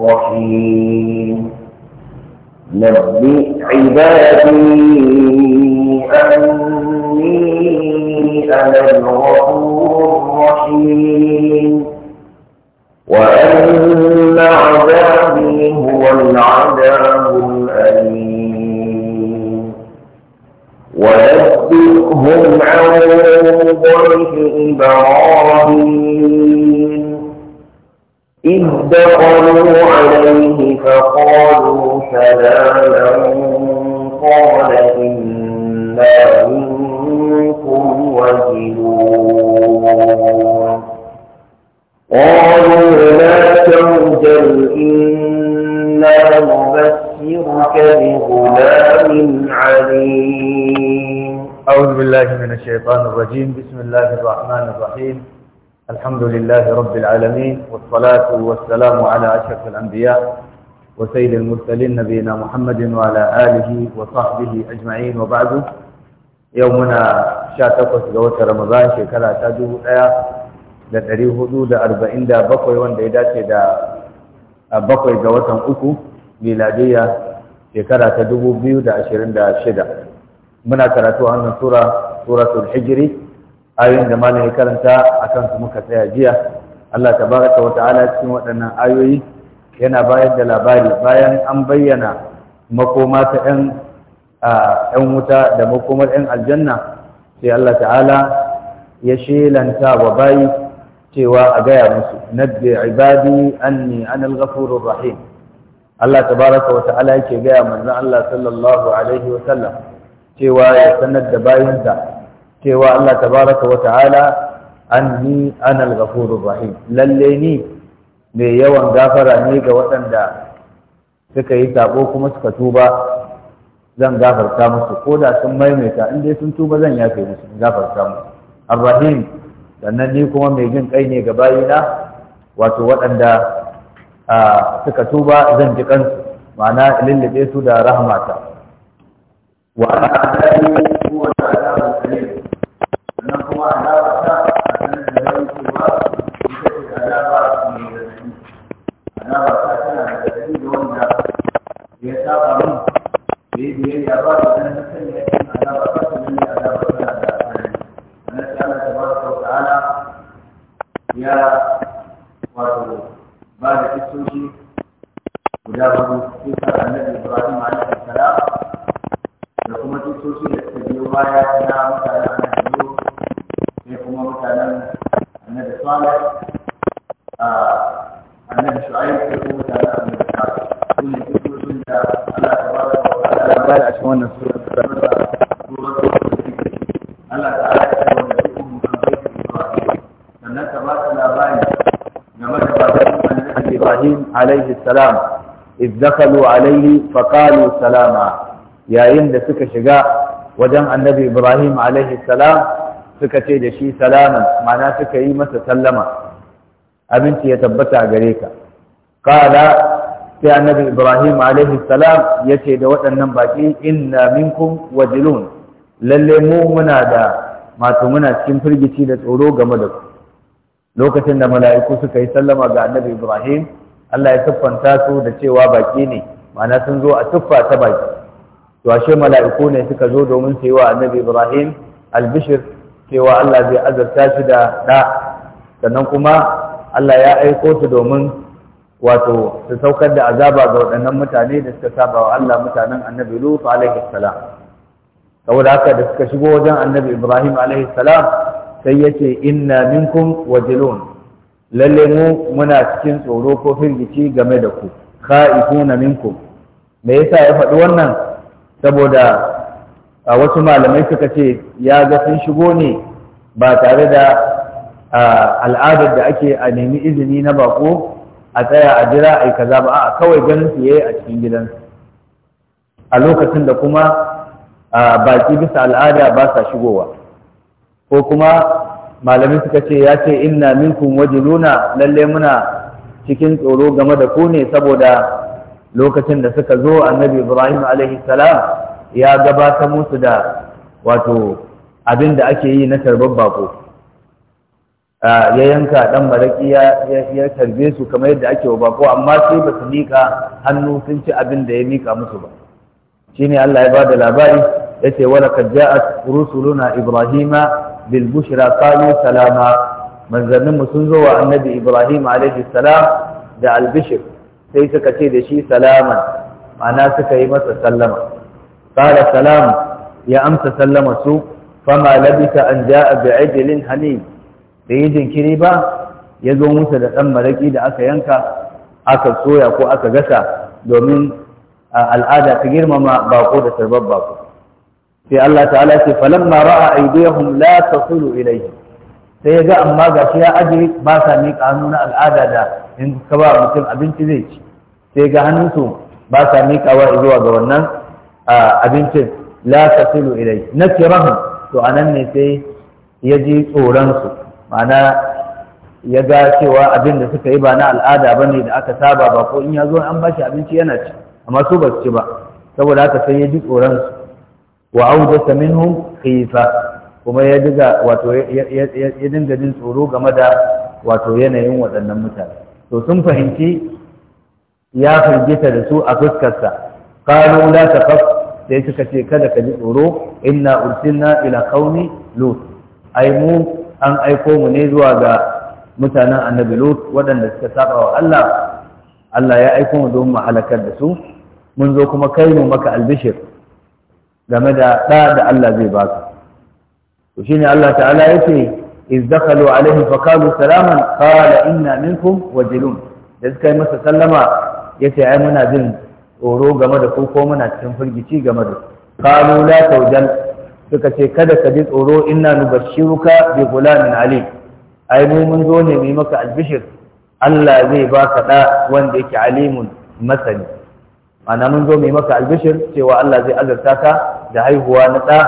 رحيم نبئ عبادي أني أنا الغفور الرحيم وأن عذابي هو العذاب الأليم ونبئهم عن ضيف إبراهيم إذ دخلوا عليه فقالوا سلاما قال إنا منكم وجلون قالوا لا توجل إنا نبشرك بغلام عليم أعوذ بالله من الشيطان الرجيم بسم الله الرحمن الرحيم الحمد لله رب العالمين والصلاة والسلام على أشرف الأنبياء وسيد المرسلين نبينا محمد وعلى آله وصحبه أجمعين وبعد يومنا شاتقس جوات رمضان شكرا تاجه الآية لتريه حدود أربعين دا بقوي وان ديدات دا بقوي جوات أكو ميلادية شكرا تدبو بيو دا عشرين دا شدا منا كراتو عن سورة سورة الحجري ayoyin da malam ya karanta akan su muka tsaya jiya Allah Ta baraka wa ta'ala cikin waɗannan ayoyi yana bayar da labari bayan an bayyana makoma ta ‘yan wuta da makomar ƴan aljanna sai Allah ta'ala ya shelanta wa bayi cewa a gaya musu nabbi ibadi anni anal ghafurur rahim Allah tabaraka wa ta'ala yake gaya manzon Allah sallallahu alaihi wa sallam cewa ya sanar da bayinsa cewa Allah tabaraka wa ta'ala anni an al-ghafurur rahim lalle ni mai yawan gafara ne ga waɗanda suka yi sabo kuma suka tuba zan gafarta musu ko da sun maimaita in dai sun tuba zan yafe musu gafarta musu ar-rahim sannan ni kuma mai jin kai ne ga bayina wato waɗanda suka tuba zan ji kansu ma'ana lullube su da rahmata wa دخلوا عليه فقالوا سلاما yayin da suka shiga wajen annabi Ibrahim alaihi salam suka ce da shi salaman mana suka yi masa sallama abinci ya tabbata gare ka kala sai annabi Ibrahim alaihi salam ya ce da waɗannan baƙi inna minkum wajilun Lallai mu muna da mato muna cikin firgici da tsoro game da ku lokacin da mala'iku suka yi sallama ga annabi Ibrahim Allah ya siffanta su da cewa baki ne ma'ana sun zo a tuffa ta baki to ashe mala'iku ne suka zo domin su yi wa annabi Ibrahim albishir cewa Allah zai azarta shi da ɗa sannan kuma Allah ya aiko su domin wato su saukar da azaba ga waɗannan mutane da suka saba wa Allah mutanen annabi Lut alaihi salam saboda haka da suka shigo wajen annabi Ibrahim alaihi salam sai yace inna minkum wajilun lalle mu muna cikin tsoro ko firgici game da ku kha'ifuna minku me yasa ya faɗi wannan saboda a wasu malamai suka ce ya ga sun shigo ne ba tare da al'adar da ake a nemi izini na bako a tsaya a jira a yi kaza ba a kawai ganin su yayi a cikin gidansu a lokacin da kuma baki bisa al'ada ba sa shigowa ko kuma malami suka ce ya ce inna minkum wajiluna lalle muna cikin tsoro game da ku ne saboda lokacin da suka zo annabi Ibrahim alaihi salam ya gabata musu da wato abin da ake yi na tarbar bako ya yanka dan maraki ya tarbe su kamar yadda ake wa bako amma sai ba su mika hannu sun ci abin da ya mika musu ba shine Allah ya bada labari yace wala kad ja'at rusuluna ibrahima bil bushra qalu salama manzannin mu sun zo wa annabi ibrahim alaihi salam da albishir sai suka ce da shi salaman ma'ana suka yi masa sallama qala salam ya amsa sallama su fama labisa an ja'a bi ajlin hanim bai jinkiri ba ya zo musu da ɗan malaki da aka yanka aka soya ko aka gasa domin a al'ada ta girmama baƙo da tarbar bako sai Allah ta'ala ce falamma ra'a aydiyahum la tasulu ilayhi sai ya ga amma ga shi ya aje ba sa miƙa hannu na al'ada da in ka ba mutum abinci zai ci sai ga hannunsu ba sa miƙawa zuwa ga wannan abincin la tasilu ilai na kirahu to anan ne sai ya ji tsoron su ma'ana ya ga cewa abin da suka yi ba na al'ada ba ne da aka saba ba ko in ya zo an ba shi abinci yana ci amma su ba su ci ba saboda haka sai ya ji tsoron su wa aujasa minhum khifa kuma ya diga wato ya dinga jin tsoro game da wato yanayin waɗannan mutane to sun fahimci ya firgita da su a fuskarsa qalu la taqaf sai suka ce kada ka ji tsoro inna ursilna ila qaumi lut ai mu an aiko mu ne zuwa ga mutanen annabi lut waɗanda suka saba wa Allah Allah ya aiko mu don mu halakar da su mun zo kuma kai mu maka albishir game da ɗa da Allah zai baka to shine Allah ta'ala ce, iz dakhalu alaihi fa qalu salaman qala inna minkum wajilun da suka yi masa sallama ce, ai muna jin tsoro game da ku ko muna cikin firgici game da qalu la tawjal suka ce kada ka ji tsoro inna nubashshiruka bi ghulamin ali ai mu mun zo ne mu maka albishir Allah zai baka da wanda yake alimun masani ana mun zo mai maka albishir cewa Allah zai azarta ka da haihuwa na ɗa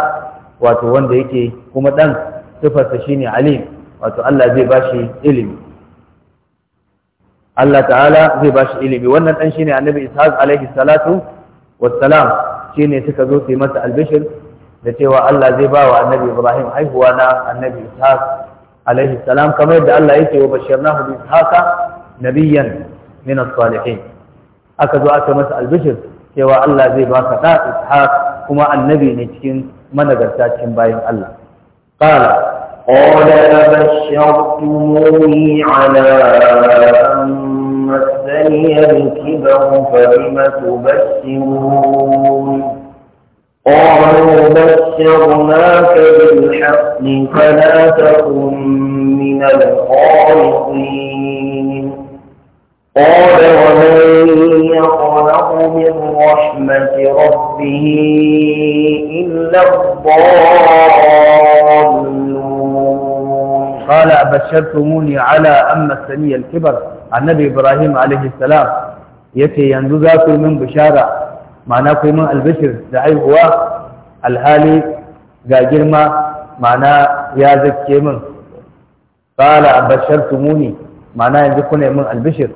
wato wanda yake kuma ɗan sifarsa shine alim wato Allah zai bashi ilimi Allah ta'ala zai bashi ilimi wannan ɗan shine annabi Ishaq alaihi salatu wassalam shine suka zo su yi masa albishir da cewa Allah zai ba wa annabi Ibrahim haihuwa na annabi Ishaq alaihi salam kamar yadda Allah yake wa bashirnahu bi Ishaqa nabiyyan min as-salihin aka zo aka masa albishir cewa Allah zai baka da ishaq kuma annabi ne cikin managarta cikin bayin Allah qala qala abashshawtumuni ala مسني الكبر فبم تبشرون قالوا بشرناك بالحق فلا تكن من الخالقين قال ومن يخلق من رحمة ربه إلا الضالون قال أبشرتموني على أما السنية الكبر عن النبي إبراهيم عليه السلام يتي ينزو من بشارة معناه من البشر دعي هو الهالي ذا جرمى معناه يا ذكي قال أبشرتموني معناه ينزو من البشر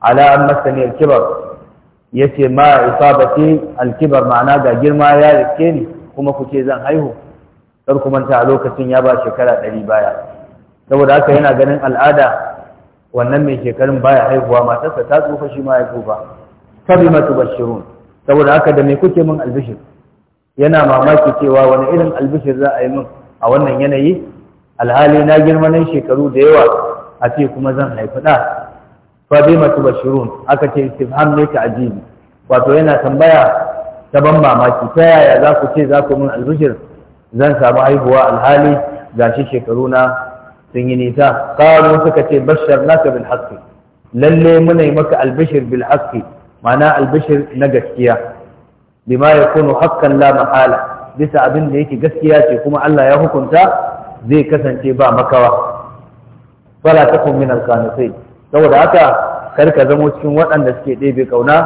ala an masani alkibar yace ma isabati alkibar ma'ana ga girma ya rike ni kuma ku ce zan haihu kar kuma ta a lokacin ya ba shekara ɗari baya saboda haka yana ganin al'ada wannan mai shekarun baya haihuwa matarsa ta tsufa shi ma ya tsufa kalimatu bashirun saboda haka da me kuke min albishir yana mamaki cewa wani irin albishir za a yi min a wannan yanayi alhali na girma nan shekaru da yawa a ce kuma zan haifi ɗa fa bima tubashirun aka ce istifham ne ta ajibi wato yana tambaya ta ban mamaki ta yaya za ku ce za ku min albishir zan samu haihuwa alhali gashi shekaru na sun yi nisa qalu suka ce bashar naka bil haqqi lalle muna yi maka albishir bil haqqi ma'ana albishir na gaskiya bima yakunu haqqan la mahala bisa abin da yake gaskiya ce kuma Allah ya hukunta zai kasance ba makawa fala takun min alqanitin saboda haka kar ka zamo cikin waɗanda suke ɗebe ƙauna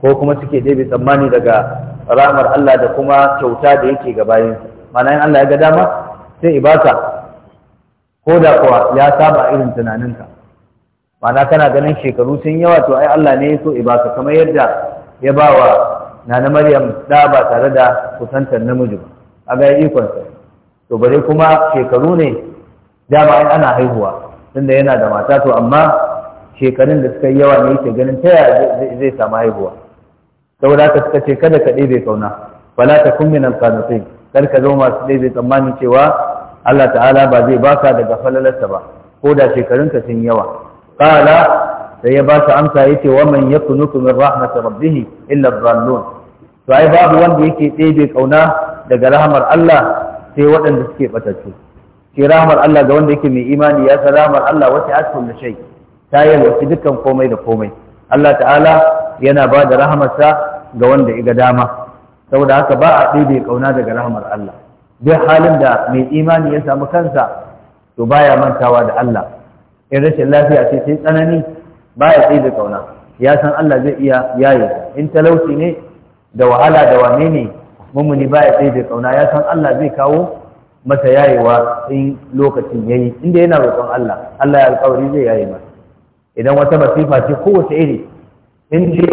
ko kuma suke ɗebe tsammani daga ramar Allah da kuma kyauta da yake ga bayan mana in Allah ya ga dama sai ibaka ko da kuwa ya saba irin tunaninka mana kana ganin shekaru sun yawa to ai Allah ne ya so ibaka kamar yadda ya ba wa nana Maryam da ba tare da kusantar namiji ba a ga ikon to bare kuma shekaru ne dama ai ana haihuwa tunda yana da mata to amma shekarun da suka yi yawa ne yake ganin ta zai samu haihuwa saboda haka suka ce kada ka ɗebe kauna fala ta kun min alqanatin kar ka zo masu ɗebe tsammanin cewa Allah ta'ala ba zai baka daga falalarsa ba ko da shekarunka sun yawa qala sai ya ba amsa yace wa man yakunutu min rahmatir rabbih illa dhallun to ai babu wanda yake ɗebe kauna daga rahamar Allah sai waɗanda suke batattu ce rahmar Allah ga wanda yake mai imani ya san rahmar Allah wata asfal da shai ta yi wasu dukkan komai da komai Allah ta'ala yana ba da rahamarsa ga wanda iga dama saboda haka ba a ɗebe daga rahmar Allah duk halin da mai imani ya samu kansa to baya mantawa da Allah in rashin lafiya sai sai tsanani ya ɗebe ƙauna. ya san Allah zai iya yaye in talauci ne da wahala da wane ne mummuni ya ɗebe ƙauna. ya san Allah zai kawo masa yayewa in lokacin yayi inda yana roƙon Allah Allah ya alƙawari zai yaye masa idan wata masifa ce kowace iri in ce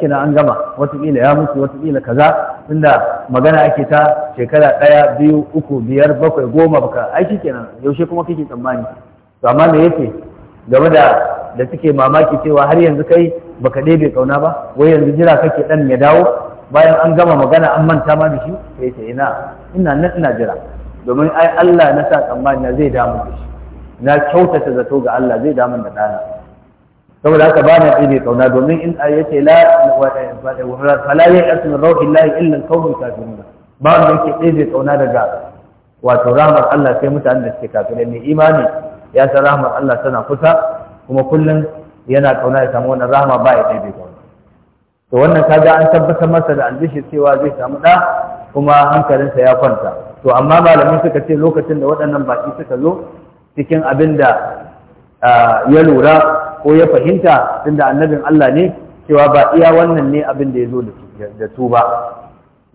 kenan an gama watakila ya mutu watakila kaza tunda magana ake ta shekara ɗaya biyu uku biyar bakwai goma baka aiki kenan yaushe kuma kake tsammani to amma me yake game da da suke mamaki cewa har yanzu kai baka ɗebe kauna ba wai yanzu jira kake ɗan ya dawo bayan an gama magana an manta ma da shi sai ta ina ina nan ina jira domin ai Allah na sa tsammani na zai damu da shi na kyautata zato ga Allah zai damu da dana saboda haka ba na ɗebe kauna domin in yace la fala ya'asu min rauhillahi illa al-qawmul kafirun ba wanda yake ɗebe kauna daga wato rahmar Allah sai mutanen da suke kafirai mai imani ya san rahmar Allah tana kusa kuma kullum yana kauna ya samu wannan rama ba ya daidai ba. to wannan kaga an tabbatar masa da albishir cewa zai samu ɗa kuma hankalinsa ya kwanta to amma malamin suka ce lokacin da waɗannan baki suka zo cikin abin da ya lura ko ya fahimta tunda annabin Allah ne cewa ba iya wannan ne abin da ya zo da su ba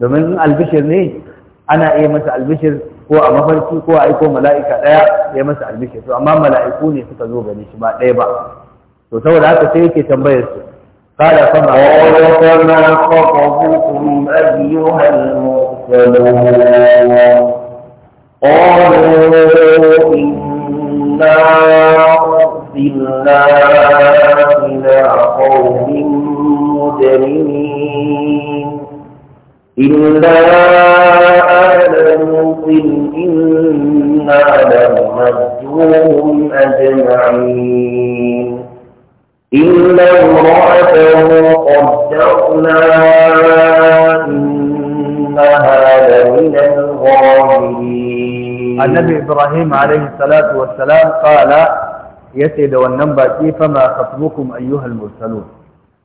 domin in albishir ne ana iya masa albishir ko a mafarki ko a aiko mala'ika ɗaya ya masa albishir to amma mala'iku ne suka zo gani shi ba ɗaya ba to saboda haka sai yake tambayar su qala fama qala ma khatabukum ayyuha al-mursalun قالوا إنا أرسلنا إلى قوم مجرمين إلا آل لوط إنا لمجوهم أجمعين النبي ابراهيم عليه الصلاه والسلام قال يسيد والنبى فما خطبكم ايها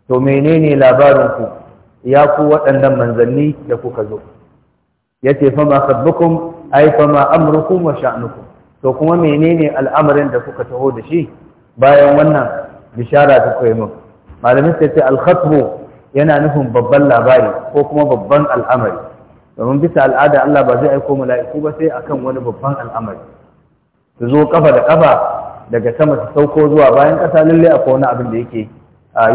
to menene labarinku ya ku waɗannan manzanni da kuka zo ya ce fama sabbukum ai fama wa sha'anukum to kuma menene al'amarin da kuka taho da shi bayan wannan bishara ta koyi min malamin ta ce alkhatmu yana nufin babban labari ko kuma babban al'amari domin bisa al'ada Allah ba zai aiko mala'iku ba sai akan wani babban al'amari su zo kafa da kafa daga sama su sauko zuwa bayan kasa lalle a wani abin da yake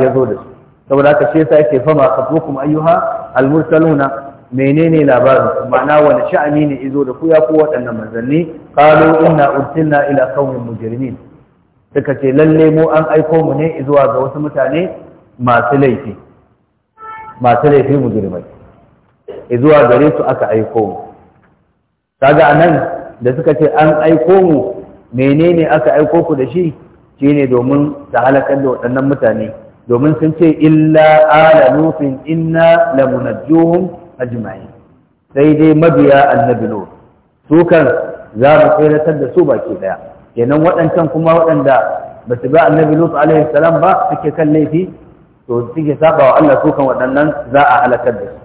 ya zo da su saboda haka shi yasa yake fama khatbukum ayyuha al-mursaluna menene labarin ma'ana wani sha'ani ne izo da ku ya ku waɗannan manzanni qalu inna ursilna ila qaumin mujrimin suka ce lalle mu an aiko mu ne zuwa ga wasu mutane masu laifi masu laifi mujrimai zuwa gare su aka aiko mu kaga anan da suka ce an aiko mu menene aka aiko ku da shi shine domin ta halakar da waɗannan mutane domin sun ce illa ala nufin inna munajjuhum ajma'i sai dai mabiya annabi nuh su kan za mu tsiratar da su baki daya kenan waɗancan kuma waɗanda ba su ga annabi Lut alaihi salam ba suke kan laifi to suke saba wa Allah su kan waɗannan za a halakar da su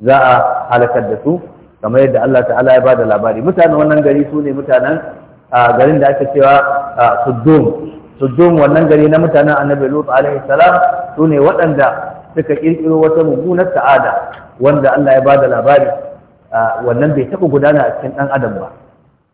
za a halakar da su kamar yadda Allah ta'ala ya bada labari mutanen wannan gari su ne mutanen garin da ake cewa Suddum Suddum wannan gari na mutanen annabi Lut alaihi salam su ne waɗanda suka kirkiro wata mummunar ta'ada wanda Allah ya bada labari wannan bai taɓa gudana a cikin ɗan adam ba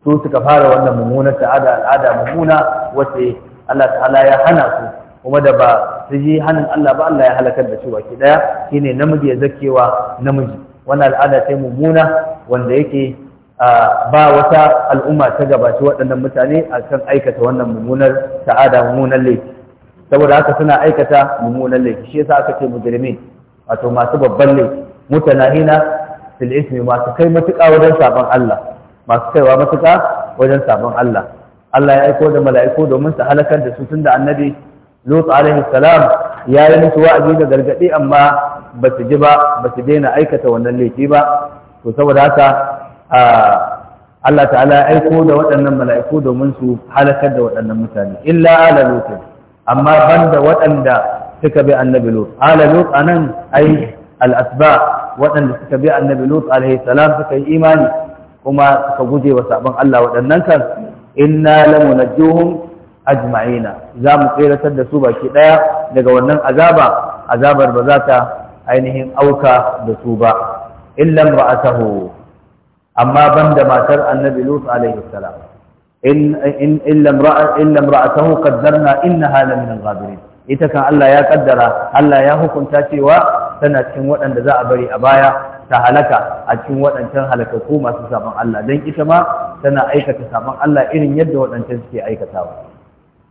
su suka fara wannan mummunar ta'ada al'ada mummuna wace Allah ta'ala ya hana su kuma da ba su ji hannun Allah ba Allah ya halakar da shi baki daya shine namiji ya zakewa namiji wannan al'ada ce mummuna wanda yake ba wata al'umma ta gabaci waɗannan mutane a kan aikata wannan mummunar ta'ada mummunan laifi saboda haka suna aikata mummunan laifi shi yasa aka ce mujrimin wato masu babban laifi mutanahina fil ismi masu kai matuƙa wajen sabon Allah masu kaiwa matuƙa wajen sabon Allah Allah ya aiko da mala'iku domin su halakar da su da annabi Lut alaihi salam ya yi musu wa'azi da gargaɗi amma ba su ji ba ba su daina aikata wannan laifi ba to saboda haka Allah ta'ala ya aiko da waɗannan mala'iku domin su halakar da waɗannan mutane illa ala Lut amma banda waɗanda suka bi annabi Lut ala Lut nan ai al waɗanda suka bi annabi Lut alaihi salam suka yi imani kuma suka guje wa sabon Allah waɗannan kan inna lamunajjuhum ajma'ina za mu tseratar da su baki ɗaya daga wannan azaba azabar ba za ta ainihin auka da su ba illan ra'atahu amma banda matar annabi lut alaihi salam in in illan ra'a illan ra'atahu qaddarna innaha la min al-ghabirin ita kan Allah ya kaddara Allah ya hukunta cewa tana cikin waɗanda za a bari a baya ta halaka a cikin waɗancan halakaku masu sabon Allah don ita ma tana aikata sabon Allah irin yadda waɗancan suke aikatawa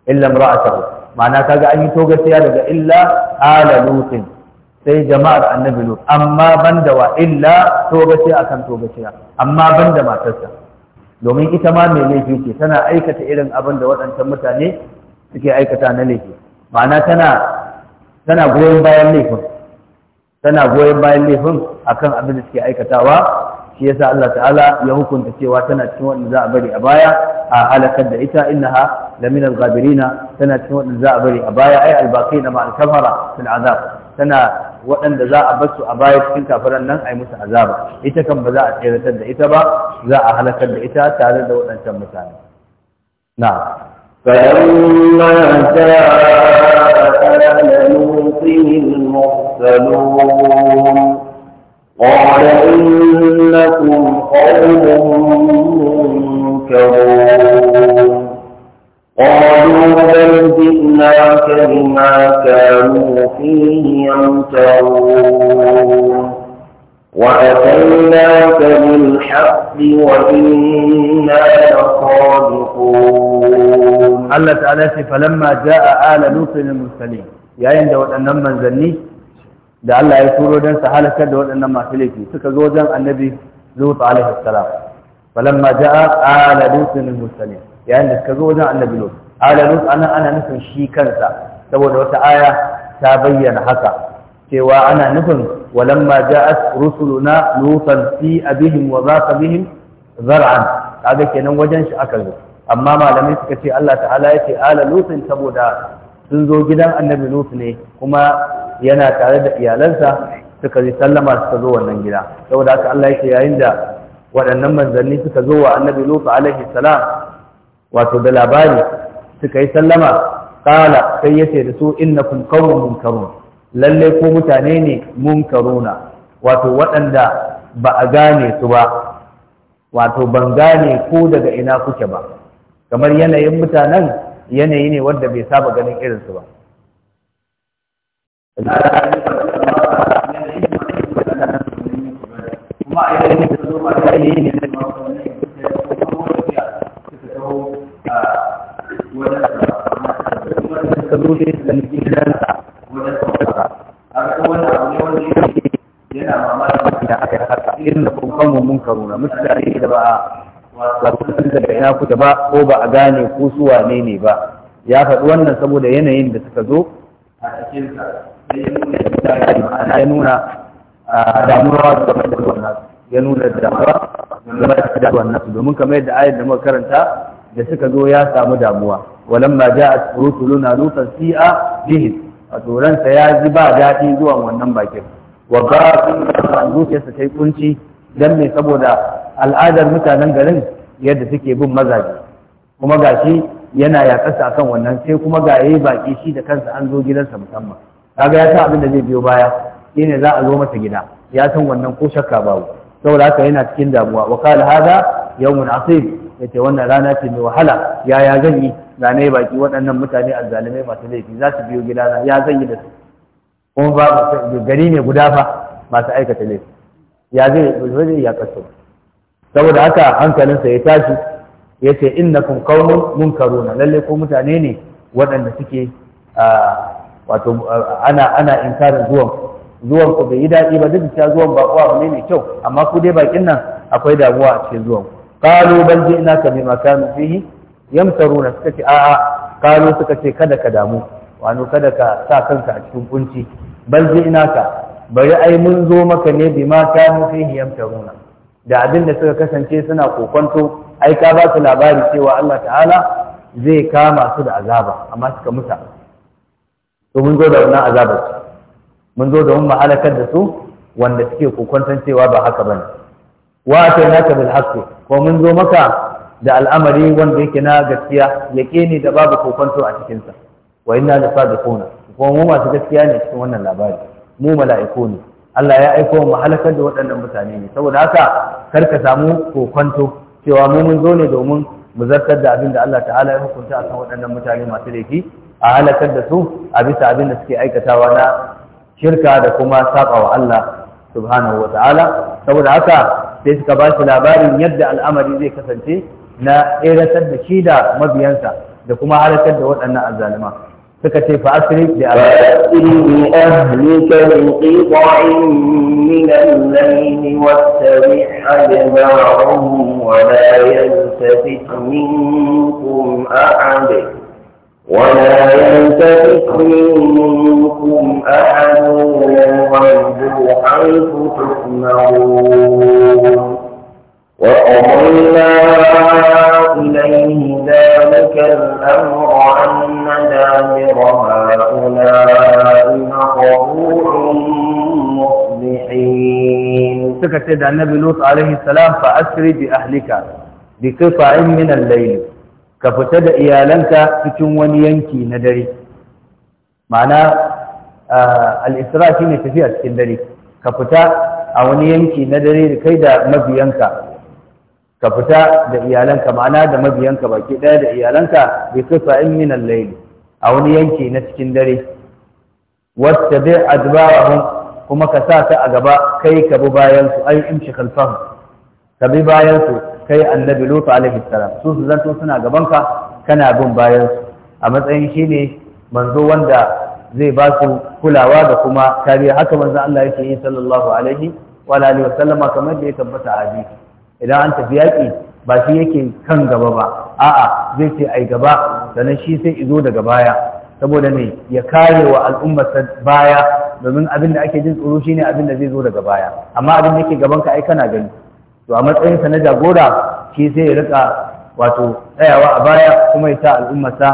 illa imra'atahu ma'ana kaga an yi togaciya daga illa ala lutin sai jama'ar annabi lut amma banda wa illa togaciya akan togaciya amma banda matarsa domin ita ma mai laifi ce tana aikata irin abin da waɗancan mutane suke aikata na laifi ma'ana tana tana goyon bayan laifin tana goyon bayan laifin akan abin da suke aikatawa shi yasa Allah ta'ala ya hukunta cewa tana cikin wanda za a bari a baya a halakar da ita innaha lamina al-ghabirina tana cikin wanda za a bari a baya ai al-baqina ma al-kafara fil azab tana waɗanda za a su a baya cikin kafiran nan ai musu azaba ita kan ba za a tseratar da ita ba za a halakar da ita tare da waɗancan mutane na'am فلما جاء آل لوط المرسلون قال إنكم قوم منكرون قالوا بل جئناك بما كانوا فيه يمترون وأتيناك بالحق وإنا لصادقون Allah ta'ala ce falamma ja'a ala lutin mursalin yayin da waɗannan manzanni da Allah ya turo don su halakar da waɗannan masu laifi suka zo wajen annabi lutu alaihi salam falamma ja'a ala lutin mursalin yayin da suka zo wajen annabi lutu ala lutu ana ana nufin shi kansa saboda wata aya ta bayyana haka cewa ana nufin walamma ja'at rusuluna lutan fi abihim wa zaqa bihim zar'an kaga kenan wajen shi aka zo amma malamai suka ce Allah ta'ala ya ce ala lutin saboda sun zo gidan annabi lutu ne kuma yana tare da iyalansa suka yi sallama suka zo wannan gida saboda haka Allah ya ce yayin da waɗannan manzanni suka zo wa annabi lutu alaihi salam wato da labari suka yi sallama kala sai ya ce da su innakum qawmun munkarun lalle ko mutane ne munkaruna wato waɗanda ba a gane su ba wato ban gane ko daga ina kuke ba kamar yanayin mutanen yanayi ne wanda bai saba ganin irinsu ba ba na yana mamaki da aka yi haka irin da kuma mun karuna mutane da ba ba ku san daga ina kuke ba ko ba a gane ko su wane ne ba ya faɗi wannan saboda yanayin da suka zo a cikin ya nuna damuwa game da wannan ya nuna damuwa game da wannan domin kamar yadda ayat da muka karanta da suka zo ya samu damuwa walamma ja'at rusuluna lutan si'a bihi a turansa ya ji ba daɗi zuwa wannan bakin wa ba su zuciyarsa ta yi kunci dan me saboda al'adar mutanen garin yadda suke bin mazaje kuma ga shi yana kasa akan wannan sai kuma ga yayi baki shi da kansa an zo gidansa musamman kaga ya san abin da zai biyo baya shine za a zo masa gida ya san wannan ko shakka babu saboda haka yana cikin damuwa wa qala hadha yawmun asib yace wannan rana ce mai wahala ya ya zan yi ne baki waɗannan mutane azzalumai masu laifi za su biyo gidana ya zan yi da su kuma ba gari ne guda fa masu aikata laifi ya zai ya kasu saboda haka hankalinsa ya tashi ya ce innakum qaumun munkaruna lalle ko mutane ne waɗanda suke wato ana ana inkarin zuwan zuwan ku bai yi daɗi ba duk da zuwan ba kuwa ne mai kyau amma ku dai bakin nan akwai damuwa a cikin zuwan qalu bal ji'naka bima kanu fihi yamtaruna suka ce a'a qalu suka ce kada ka damu wano kada ka sa kanka a cikin kunci bal ji'naka bari ai mun zo maka ne bima kanu fihi yamtaruna da abin da suka kasance suna kokonto ai ka ba su labari cewa Allah ta'ala zai kama su da azaba amma suka musa to mun zo da wannan azabar mun zo da mun halakar da su wanda suke kokonton cewa ba haka bane wa naka bil haqqi ko mun zo maka da al'amari wanda yake na gaskiya yaqini da babu kokonto a cikin sa wa inna lasadiquna ko mu masu gaskiya ne cikin wannan labari mu mala'iku ne Allah ya aiko mu halakar da waɗannan mutane ne saboda haka kar ka samu kokonto cewa mu mun zo ne domin mu zartar da abin da Allah ta'ala ya hukunta akan waɗannan mutane masu laifi a halakar da su a bisa abin da suke aikatawa na shirka da kuma saba wa Allah subhanahu wa ta'ala saboda haka sai suka ba shi labarin yadda al'amari zai kasance na tseratar da shi da mabiyansa da kuma halakar da waɗannan azzaluma suka ce fa asri bi ahlika bi qita'in min al-layl wattabi' adbarahum wa la yaltafit minkum ahad ولا يلتفت منكم أحد وامضوا حيث تؤمرون وأضلنا إليه ذلك الأمر أن دابر هؤلاء مقبول مصبحين. سكت النبي لوط عليه السلام فأسر بأهلك بقطع من الليل كفتد إيالنك تتون ينكي ندري معنى الإسراء في نتفيه السندري كفتا أو ينكي ندري لكي دا ka fita da iyalanka ma'ana da mabiyanka baki ɗaya da iyalanka bi kisa in min al-layl a wani yanki na cikin dare wattabi adbarahum kuma ka sa ta a gaba kai ka bi bayan su ai imshi khalfahum ka bi bayan su kai annabi lutu alaihi salam su su zanto suna gabanka kana bin bayan su a matsayin shine manzo wanda zai ba su kulawa da kuma kariya haka manzo Allah yake yi sallallahu alaihi wa alihi wa sallama kamar da ya tabbata a hadisi idan an tafi yaƙi ba shi yake kan gaba ba a'a zai ce ai gaba sannan shi sai izo daga baya saboda ne ya kare wa al'ummarsa baya domin abin da ake jin tsoro ne abin da zai zo daga baya amma abin da yake gaban ka ai kana gani to a matsayinsa na jagora shi sai ya rika wato tsayawa a baya kuma ya sa al'ummarsa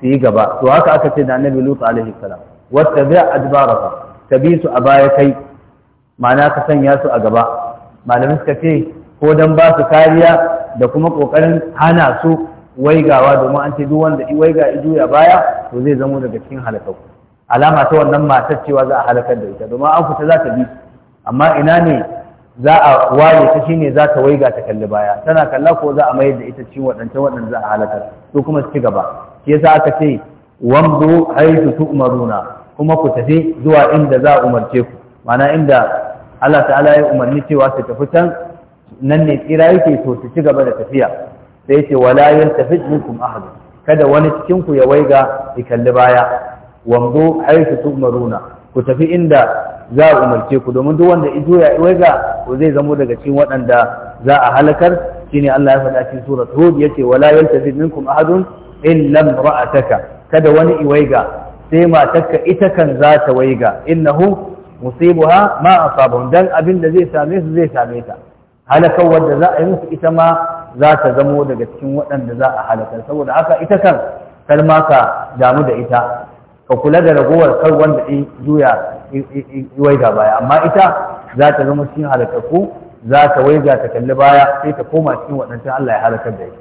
su yi gaba to haka aka ce da annabi lutu alaihi salam wata bi adbara ka bi su a baya kai ma'ana ka sanya su a gaba malamin suka ce ko don ba su kariya da kuma ƙoƙarin hana su waigawa domin an ce duk wanda i waiga i juya baya to zai zamo daga cikin halakau alama ta wannan matar cewa za a halakar da ita domin an fita za ta bi amma ina ne za a ware ta shine za ta waiga ta kalli baya tana kalla ko za a mayar da ita ci waɗancan waɗanda za a halakar su kuma su ci gaba shi yasa aka ce wamdu haitu tu'maruna kuma ku tafi zuwa inda za a umarce ku ma'ana inda Allah ta'ala ya umarni cewa su tafi can nan ne tsira yake to su ci gaba da tafiya sai ce wala yaltafit minkum ahad kada wani cikin ku ya waiga ya kalli baya wamdo haitu tumaruna ku tafi inda za a umarce ku domin duk wanda ido ya waiga ko zai zamo daga cikin waɗanda za a halakar shine Allah ya faɗa cikin surat hud yace wala yaltafit minkum ahadun illa imra'ataka kada wani iwaiga sai matarka ita kan za ta waiga innahu musibuha ma asabahum dan abin da zai same su zai same ta halakar wadda za a yi musu ita ma za ta zamo daga cikin waɗanda za a halakar saboda haka ita kan kalma ka damu da ita ka kula da ragowar kar wanda ɗin juya waiga baya amma ita za ta zama cikin halakarku, za ta waiga ta kalli baya sai ta koma cikin waɗancan Allah ya halakar da ita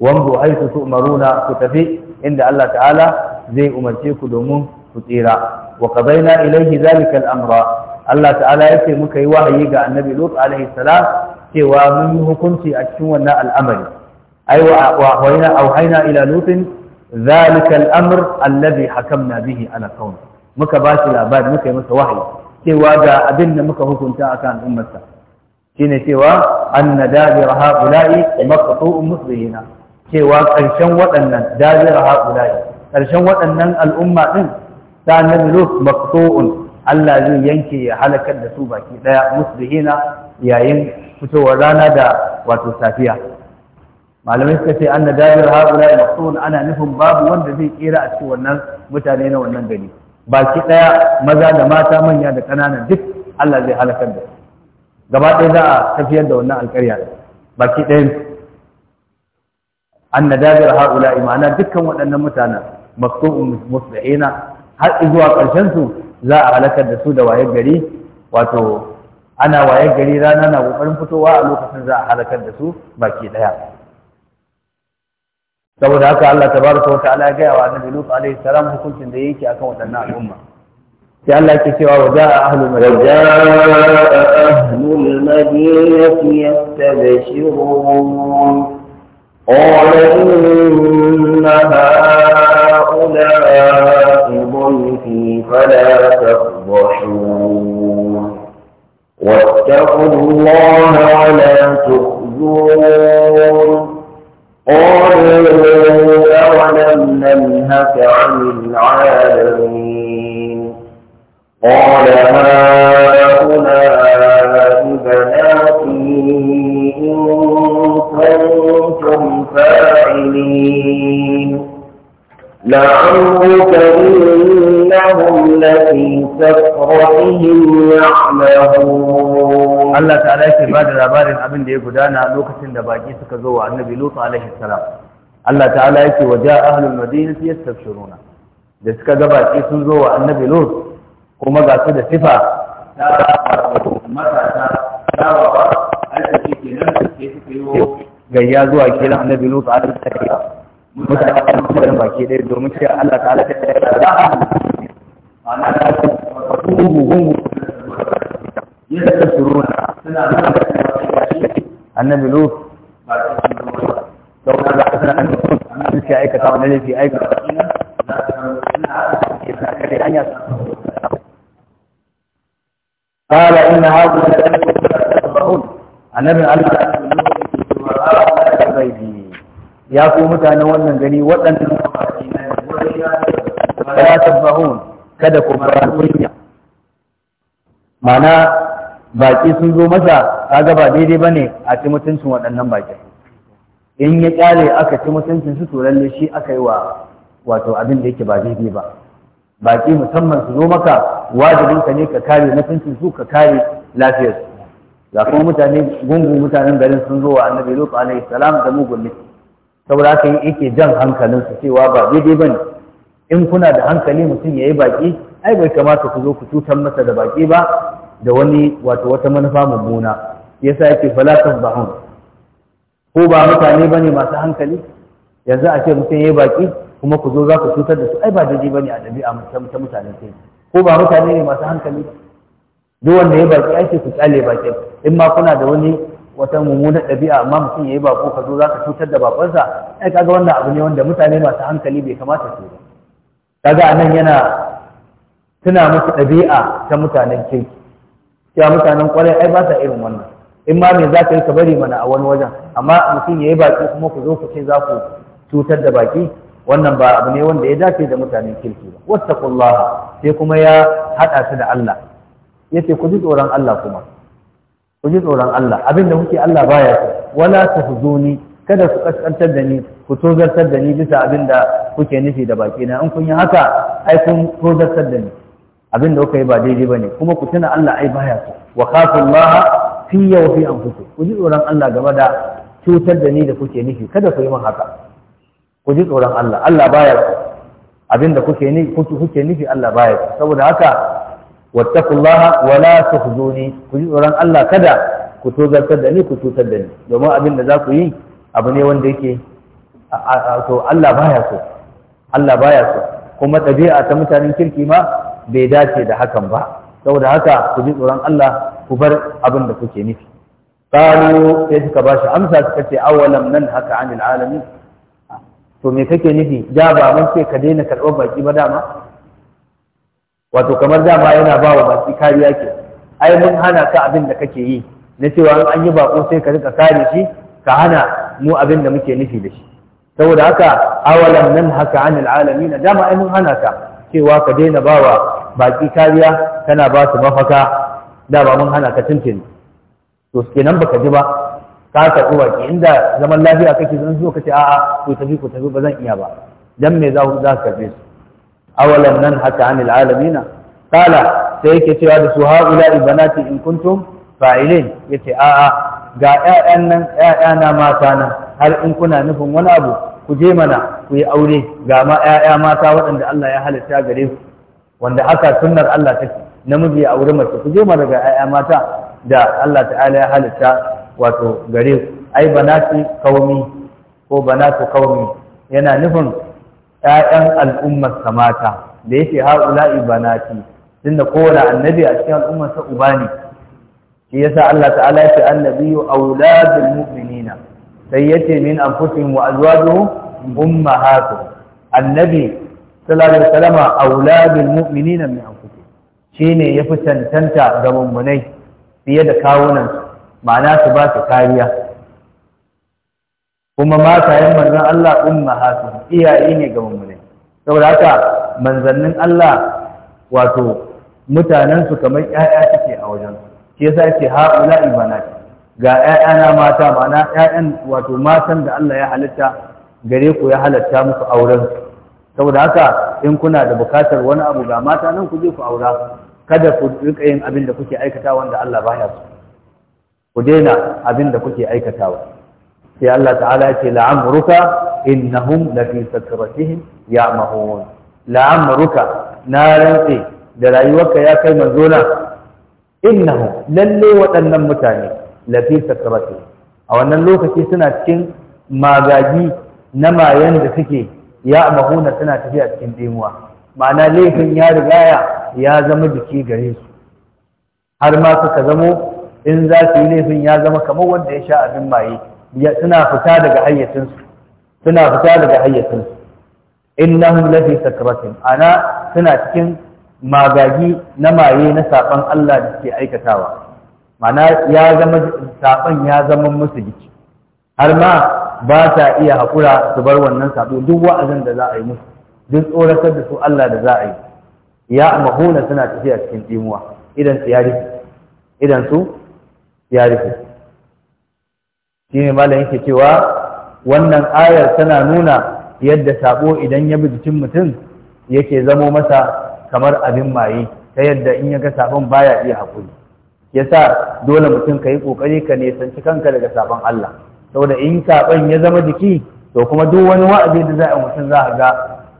wanzu haitu tu'maruna ku tafi inda Allah ta'ala zai umarce ku domin ku tsira wa qadaina ilayhi zalika al-amra Allah ta'ala yake muka yi wahayi ga Annabi Lut alaihi salam cewa mun yi hukunci a cikin wannan al'amari ai wa haina aw haina ila lutin zalika al'amr alladhi hakamna bihi ala kaun muka ba shi labari muka yi masa wahayi cewa ga abin da muka hukunta akan ummarsa shine cewa anna dabira haula'i maqtu'un musbihina cewa karshen waɗannan dabira haula'i karshen waɗannan al'umma din ta annabi lut maqtu'un Allah zai yanke ya halakar da su baki daya musbihina yayin fitowar rana da wato safiya malamai suka ce an na dabir haɗura da maksuwan ana nufin babu wanda zai kera a cikin wannan mutane na wannan gari baki ɗaya maza da mata manya da ƙanana duk Allah zai halakar da gaba ɗaya za a tafiyar da wannan alƙarya baki ɗaya an na dabir haɗura imana dukkan waɗannan mutanen maksuwan musulhina har zuwa ƙarshen su za a halakar da su da wayar gari wato ana waye gari rana na kokarin fitowa a lokacin za a halakar da su baki daya saboda haka Allah tabaraka wa ta'ala ya gaya wa annabi Lut alaihi salam hukuncin da yake akan waɗannan al'umma sai Allah yake cewa wa ja'a ahlul madinah ahlul madinah yastabshirun قال إن هؤلاء ضيفي فلا تفضحون واتقوا الله ولا تخزون قالوا أولم ننهك عن العالمين قال هؤلاء بناتي إن كنتم فاعلين لعمرك إن إنهم لفي سكرتهم يعمهون الله تعالى يكي بعد الأبار الأبن دي قدانا لوكة دباجي سكزوا عن نبي لوط عليه السلام الله تعالى يكي وجاء أهل المدينة يستبشرون da suka gabace sun zo wa annabi lut kuma ga su da sifa matasa ba aiki kenan ke suka yi gayya zuwa kenan annabi lut a cikin mutane da baki ɗaya domin cewa Allah ta'ala ta yi ana da gungu gungu yadda ta suru na suna nuna da cewa shi annabi lut ba ta sun zuwa da wani da kasar an sun sun ce aikata wani laifi aikata shi na za ta suna kare hanya قال إن هذا الأمر annabin Allah ya ce lokacin cewa Allah ya gaibi ya ku mutanen kada ku fara kunya mana baki sun zo masa kaga ba daidai bane a ci mutuncin waɗannan baki in ya kyale aka ci mutuncin su to lalle shi aka yi wa wato abin da yake ba daidai ba baki musamman su zo maka wajibin ka ne ka kare mutuncin su ka kare lafiyar su ga kuma mutane gungun mutanen garin sun zo wa annabi lutu alaihi salam da mugun saboda haka yake jan hankalin su cewa ba daidai bane in kuna da hankali mutum ya yi baƙi ai bai kamata ku zo ku cutar masa da baƙi ba da wani wato wata manufa mummuna Ya sa yake falatan bahun ko ba mutane ba ne masu hankali yanzu a ce mutum ya yi baƙi kuma ku zo za ku cutar da su ai ba daji ba ne a ɗabi'a ta mutane ke ko ba mutane ne masu hankali duk wanda ya baƙi ai ce ku tsale baƙin in ma kuna da wani wata mummunar ɗabi'a amma mutum ya yi baƙo ka zo za ka cutar da baƙonsa ai kaga wannan abu ne wanda mutane masu hankali bai kamata su ba kaga anan yana tuna musu ɗabi'a ta mutanen kirki cewa mutanen kwarai ai ba sa irin wannan in ma me za ka yi ka bari mana a wani wajen amma mutum ya yi baki kuma ku zo ku ce za ku cutar da baki wannan ba abu ne wanda ya dace da mutanen kirki ba wattaqullah sai kuma ya hada su da Allah yace ku ji tsoron Allah kuma ku ji tsoron Allah abinda kuke Allah baya so wala tahzuni kada ku kaskantar da ni ku tozartar da ni bisa abin da kuke nufi da baki na in kun yi haka ai kun tozartar da ni abin da kuka yi ba daidai bane kuma ku tuna Allah ai baya so wa khafullaha fi wa fi anfusikum ku ji tsoron Allah game da cutar da ni da kuke nufi kada ku yi min haka ku ji tsoron Allah Allah baya ku. abin da kuke nufi kuke nufi Allah baya ku. saboda haka wattaqullaha wa la tuhzuni ku ji tsoron Allah kada ku tozartar da ni ku cutar da ni domin abin da za ku yi abu ne wanda yake to Allah baya so Allah baya so kuma ɗabi'a ta mutanen kirki ma bai dace da hakan ba saboda haka ku ji tsoron Allah ku bar abin da kuke nufi qalu sai suka bashi amsa suka ce awalam nan haka an alalami to me kake nufi da ba mun ce ka daina karɓar baki ba dama wato kamar dama yana ba wa baki kariya ke ai mun hana ka abin da kake yi na cewa an yi baƙo sai ka rika kare shi ka hana mu abin da muke nufi da shi saboda haka awalan nan haka anil na dama ai mun hana ka cewa ka daina bawa baki kariya kana ba su mafaka da ba mun hana ka tuntuni to kenan baka ji ba ka karɓi baki inda zaman lafiya kake zan zo ka ce a'a ku tafi ku tafi ba zan iya ba dan me za ku za ka je su awalan nan haka anil alamin Kala sai yake cewa da su haula ibanati in kuntum fa'ilin yace a'a ga ƴaƴan nan ƴaƴana mata na, har in kuna nufin wani abu ku je mana ku yi aure ga ma ƴaƴa mata waɗanda Allah ya halitta gare ku wanda haka sunnar Allah take namiji ya aure mace ku je mana ga ƴaƴa mata da Allah ta'ala ya halitta wato gare ku ai banati kaumi ko banatu kaumi yana nufin ƴaƴan al'ummar kamata da yake ha'ula'i banati tunda kowane annabi a cikin al'ummar sa uba ne shi yasa Allah ta'ala ya ce annabiyyu auladul mu'minina sai yace min anfusihim wa azwajuhum ummahatuhum annabi sallallahu alaihi wasallam auladul mu'minina min anfusihim shine yafi tantanta ga mummunai fiye da kawunan ma'ana su ba su kariya kuma matayen manzon Allah ummahatuhum iyaye ne ga mummunai saboda haka manzannin Allah wato mutanensu kamar 'ya'ya suke a wajensu yasa ce ha'ula'i banati ga ‘ya'yana mata mana ‘ya'yan wato matan da Allah ya halitta gare ku ya halatta muku auren saboda haka in kuna da bukatar wani abu ga mata nan ku je ku aura kada ku rika yin abin da kuke aikata wanda Allah baya su, ku daina abin da kuke aikatawa sai Allah ta'ala ya ce la'amruka innahum la fi ya ya'mahun la'amruka na rantsi da rayuwarka ya kai manzona innahu lalle waɗannan mutane lafi sakarati a wannan lokaci suna cikin magagi na mayan da suke ya mahuna suna tafiya cikin demuwa ma'ana laifin ya rigaya ya zama jiki gare su har ma suka zamo in za su yi laifin ya zama kamar wanda ya sha abin maye suna fita daga hayyacinsu suna fita daga hayyacinsu innahum lafi sakratin ana suna cikin magagi na maye na saɓon Allah da suke aikatawa mana ya zama saɓon ya zama musu jiki har ma ba ta iya haƙura su bar wannan saɓo duk wa'azin da za a yi musu duk tsoratar da su Allah da za a yi ya mahuna suna tafiya cikin ɗimuwa idan su ya rufe idan su ya rufe malam yake cewa wannan ayar tana nuna yadda saɓo idan ya bi jikin mutum yake zamo masa kamar abin maye ta yadda in ya ga sabon baya iya haƙuri yasa dole mutum ka yi ƙoƙari ka nisanci kanka daga sabon Allah saboda in sabon ya zama jiki to kuma duk wani wa'azi da za a mutum za a ga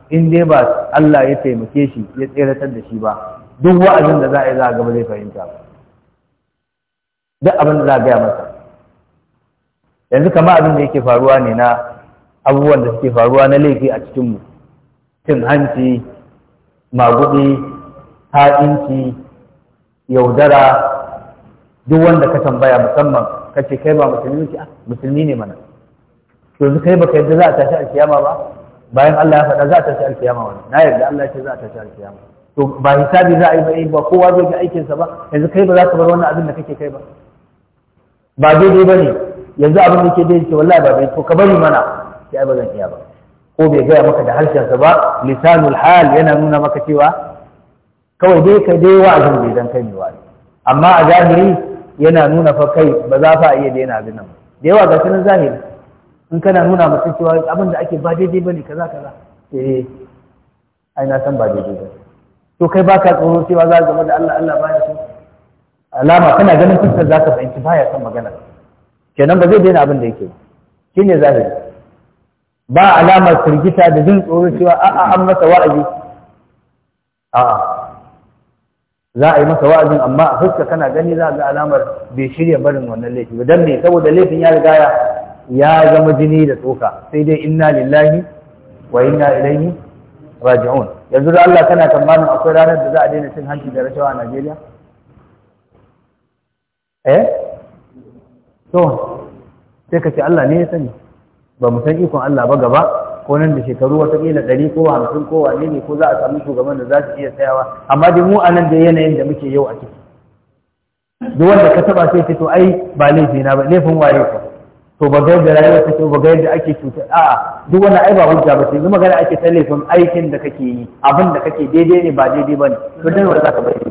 in dai ba Allah ya taimake shi ya tseratar da shi ba duk wa'azin da za a yi za a ga ba zai fahimta ba duk abin da za a gaya masa yanzu kamar abin da yake faruwa ne na abubuwan da suke faruwa na laifi a cikinmu cin hanci Magudi, ha'inci yaudara duk wanda ka tambaya musamman ka ce kai ba musulmi ne ah, musulmi ne mana yanzu kai baka yadda za a tashi alkiyama ba bayan Allah ya faɗa za a tashi alkiyama wani na yarda Allah ya ce za a tashi alkiyama to ba hisabi za a yi ba eh, ba kowa zai ga aikin sa ba yanzu kai ba za ka bar wannan abin da kake kai ba ba daidai bane yanzu abin da ke daidai ce wallahi ba dai to ka bari mana sai ai ba zan iya ba ko bai gaya maka da harshensa ba lisanul hal yana nuna maka cewa kawai dai ka dai wa'azin bai dan kai ne amma a zahiri yana nuna fa kai ba za fa iya daina abin nan da yawa ga sunan zahiri in kana nuna masa cewa abin da ake ba daidai bane kaza kaza eh ai na san ba daidai ba to kai baka tsoro cewa za ka da Allah Allah baya so alama kana ganin fuskar za ka fahimci baya son magana kenan ba zai daina abin da yake shine zahiri ba alamar firgita da jin tsoro cewa a'a an masa wa'azi a'a za a yi masa wa'azin amma a fuska kana gani za a ga alamar bai shirya barin wannan laifi ba dan me saboda laifin ya riga ya zama jini da tsoka sai dai inna lillahi wa inna ilaihi raji'un yanzu da Allah kana tsammanin akwai ranar da za a daina cin hanci da rashawa a Najeriya eh to sai ka ce Allah ne ya sani ba mu san ikon Allah ba gaba ko nan da shekaru kila ɗari ko hamsin ko wane ne ko za a samu shugaban da za su iya tsayawa amma dai mu a nan da yanayin da muke yau a ciki duk wanda ka taba sai ce to ai ba laifi na ba laifin waye ko to ba ga yadda rayuwa take ba ga yadda ake cuta a'a duk wanda ai ba hujja ba sai magana ake ta laifin aikin da kake yi abin da kake daidai ne ba daidai ba ne to dan wanda ka bari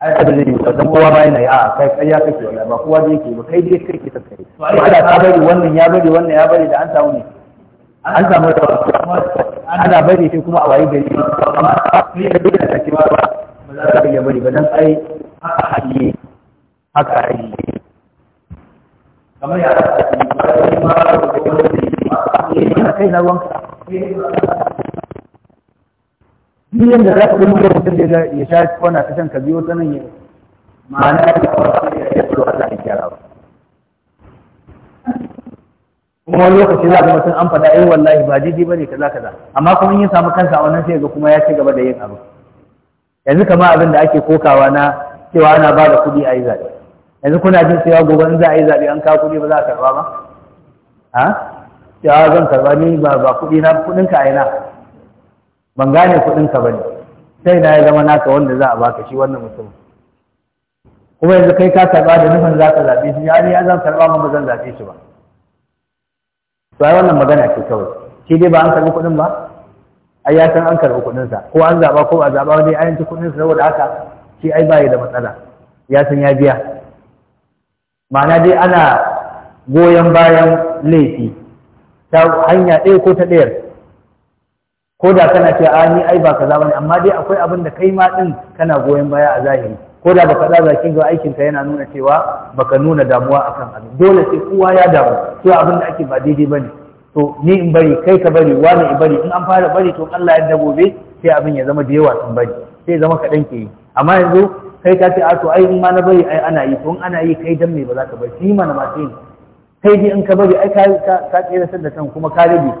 ai abin da yake dan kowa ma yana yi a kai kai ya kake wallahi ba kowa da yake ba kai dai kai ke ta kai to ai da ka bari wannan ya bari wannan ya bari da an samu ne an samu ana bari sai kuma a wayi gari amma sai da dole ta ce ba ba za ka iya bari ba dan ai haka hali haka hali kamar ya ta ma ba ba ba kai na ruwanka duk yadda za ka ɗin da mutum da ya sha ko na shan ka biyo ta nan ya ma'ana ya ya fito Allah ya gyara ba kuma wani lokaci za ga mutum an faɗa ai eh, wallahi ba ba ne kaza kaza amma kuma in ya samu kansa a wannan sai ga kuma ya ci gaba da yin abu yanzu kama abin da ake kokawa na cewa ana ba da kuɗi a yi zaɓe yanzu kuna jin cewa gobe in za a yi zaɓe an kawo kuɗi ba za a karɓa ba ha cewa zan karɓa ni ba ba kuɗi na kuɗin ka a yi na ban gane kuɗin ka bane sai na ya zama naka wanda za a baka shi wannan mutum. kuma yanzu kai ka karɓa da nufin za ka zaɓe shi yari ya zan karɓa ma ba zan zaɓe shi ba to ai wannan magana ce kawai shi dai ba an karɓi kuɗin ba ai ya san an karɓi kuɗinsa ko an zaɓa ko ba zaɓa dai an kuɗin sa saboda haka shi ai ba da matsala ya san ya biya ma'ana dai ana goyon bayan laifi ta hanya ɗaya ko ta ɗayar ko da kana ce a ah, ni ai ba kaza bane amma dai akwai abin da kai ma din kana goyon baya a zahiri ko da baka zaza kin ga aikin ka yana nuna cewa baka nuna damuwa akan abin dole sai kowa ya damu to abin da ake ba daidai bane to ni in bari kai ka bari wani in bari in an fara bari to Allah ya gobe sai abin ya zama da yawa sun bari sai zama kaɗan ke yi amma yanzu kai ka ce a ah, to ai in ma na bari ai ana yi to in ana yi kai dan me ba za ka bari shi mana ma sai kai dai in ka bari ai ka ka tsere da kan kuma ka rage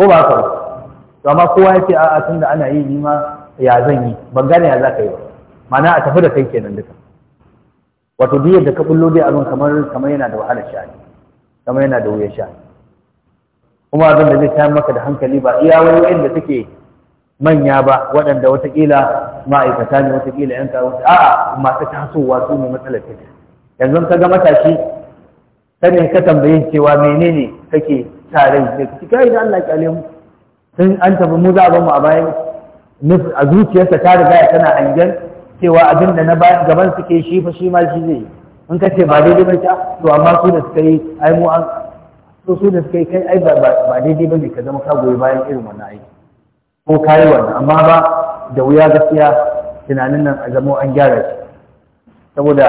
ko ba ka ba to amma kowa ya ce a'a tun da ana yi ni ma ya zan yi ban gane ya za ka yi ba ma'ana a tafi da kai kenan duka wato duk yadda ka bullo dai abin kamar kamar yana da wahalar sha'ani kamar yana da wuya sha kuma abin da zai tayar maka da hankali ba iya wani inda take manya ba waɗanda watakila ma'aikata ne watakila yan kawo a'a masu tasowa su ne matsalar ta yanzu ka ga matashi sanin ka tambayin cewa menene kake tare da yi da Allah ya kalle mu sun an tafi mu za a bamu a bayan a zuciyarsa ta riga ya tana hangen cewa abin da na gaban suke shi fa shi ma shi zai yi in ka ce ba daidai ba ta ah, to amma su da suka yi ai mu an to su da suka yi kai ai ba daidai ba ne ka zama ka goyi bayan irin wannan aiki ko ka yi wannan amma ba da wuya gaskiya tunanin nan a zama an gyara shi saboda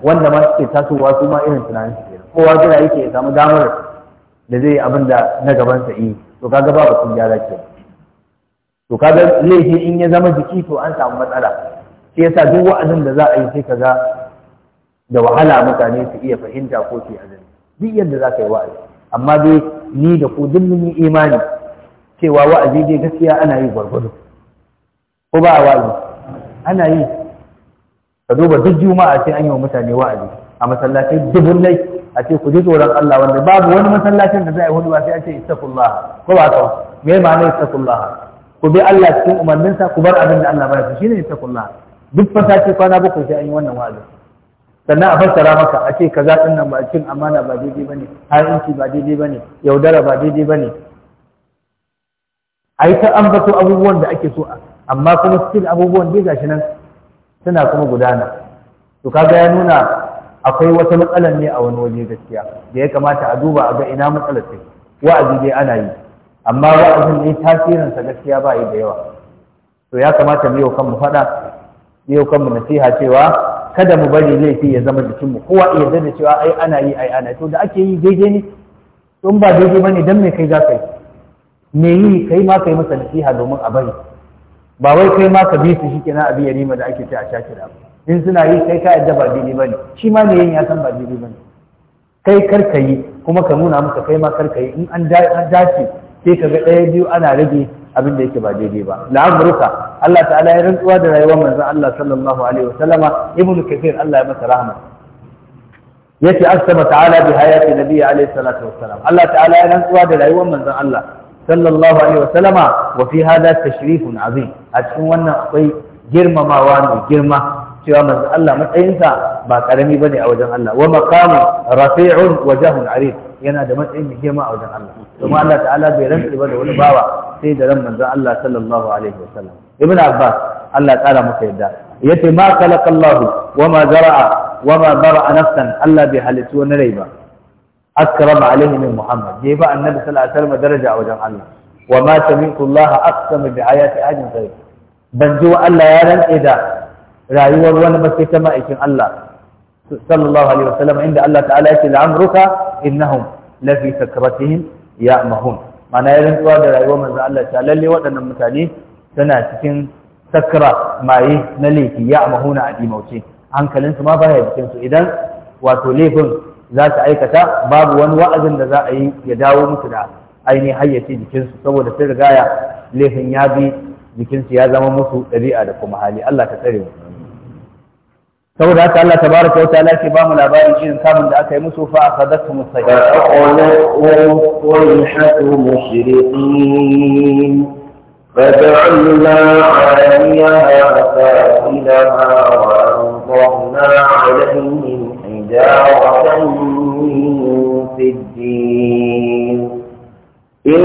wanda ma suke tasowa su ma irin tunanin su kenan kowa jira yake ya samu damar da zai abin da na gabansa yi to kaga ba batun gyara ke to kaga laifi in ya zama jiki to an samu matsala shi yasa duk wa'azin da za a yi sai kaga da wahala mutane su iya fahimta ko su azumi duk yadda za ka yi wa'azi amma dai ni da ku duk mun yi imani cewa wa'azi dai gaskiya ana yi gwargwado ko ba a wa'azi ana yi ka duba duk juma'a sai an yi wa mutane wa'azi a masallatai dubun laifi. a ce ku ji tsoron Allah wanda babu wani masallacin da za a yi hudu sai a ce ittaqullah ko ba ka me ma'anar ittaqullah ku bi Allah cikin umarninsa ku bar abin da Allah ba ya shine duk fasace kwana bakwai sai an yi wannan wa'azi sannan a fassara maka a ce kaza din nan ba cin amana ba daidai bane ha'inci ba daidai ne, yaudara ba daidai A yi ta ambato abubuwan da ake so amma kuma da abubuwan dai gashi nan suna kuma gudana to kaga ya nuna akwai wata matsalar ne a wani waje gaskiya da ya kamata a duba a ga ina matsalar take wa'azi dai ana yi amma wa'azin ne tasirinsa gaskiya ba yi da yawa to ya kamata mu yau mu faɗa yau mu nasiha cewa kada mu bari laifi ya zama jikinmu kowa ya da cewa ai ana yi ai ana to da ake yi daidai ne in ba daidai ba ne don me kai za ka yi me yi kai ma kai masa nasiha domin a bari ba wai kai ma ka bi su shi kenan abin yarima da ake ce a shakira ba in suna yi kai ka yadda ba daidai bane shi ma ne yin ya san ba daidai bane kai karka yi kuma ka nuna maka kai ma karka yi in an dace sai ka ga ɗaya biyu ana rage abin da yake ba daidai ba la'amruka Allah ta'ala ya rantsuwa da rayuwar manzon Allah sallallahu alaihi wasallama ibn kathir Allah ya masa rahama yace asaba ta'ala bi hayati nabi alaihi salatu salam. Allah ta'ala ya rantsuwa da rayuwar manzon Allah sallallahu alaihi wasallama wa fi hada tashrifun azim a cikin wannan akwai girmamawa mai girma cewa manzo Allah matsayinsa ba karami bane a wajen Allah wa maqamu rafi'un wajhun 'arid yana da matsayin mai girma a wajen Allah kuma Allah ta'ala bai rantsi ba da wani bawa sai da ran manzo Allah sallallahu alaihi wasallam ibn abbas Allah ta'ala masa yadda yace ma khalaqa Allah wa ma zara'a wa ma bara'a nafsan Allah bai halitta wani rai ba akrama alaihi min muhammad je ba annabi sallallahu alaihi wasallam daraja a wajen Allah wa ma taminku Allah aqsama bi hayati ahadin ghayr ban ji wa Allah ya rantsi da rayuwar wani ba sai ta ma'aikin Allah sallallahu alaihi wasallam inda Allah ta'ala ya ce la'amruka innahum ya'a sakratihim ya'mahun mana ya rantsuwa da rayuwar manzo Allah ta lalle waɗannan mutane tana cikin sakra maye na laifi ya'mahuna a dimauce hankalin su ma baya jikin su idan wato laifin za ta aikata babu wani wa'azin da za a yi ya dawo musu da ainihin hayyace jikinsu saboda sun rigaya laifin ya bi jikinsu ya zama musu ɗabi'a da kuma hali Allah ta tsare mu saboda haka Allah tabaraka wa ta'ala ke bamu labarin irin kamun da aka yi musu fa akhadathum as-sayyi'atu فجعلنا عليها سافلها وأمطرنا عليهم حجارة من سجين إن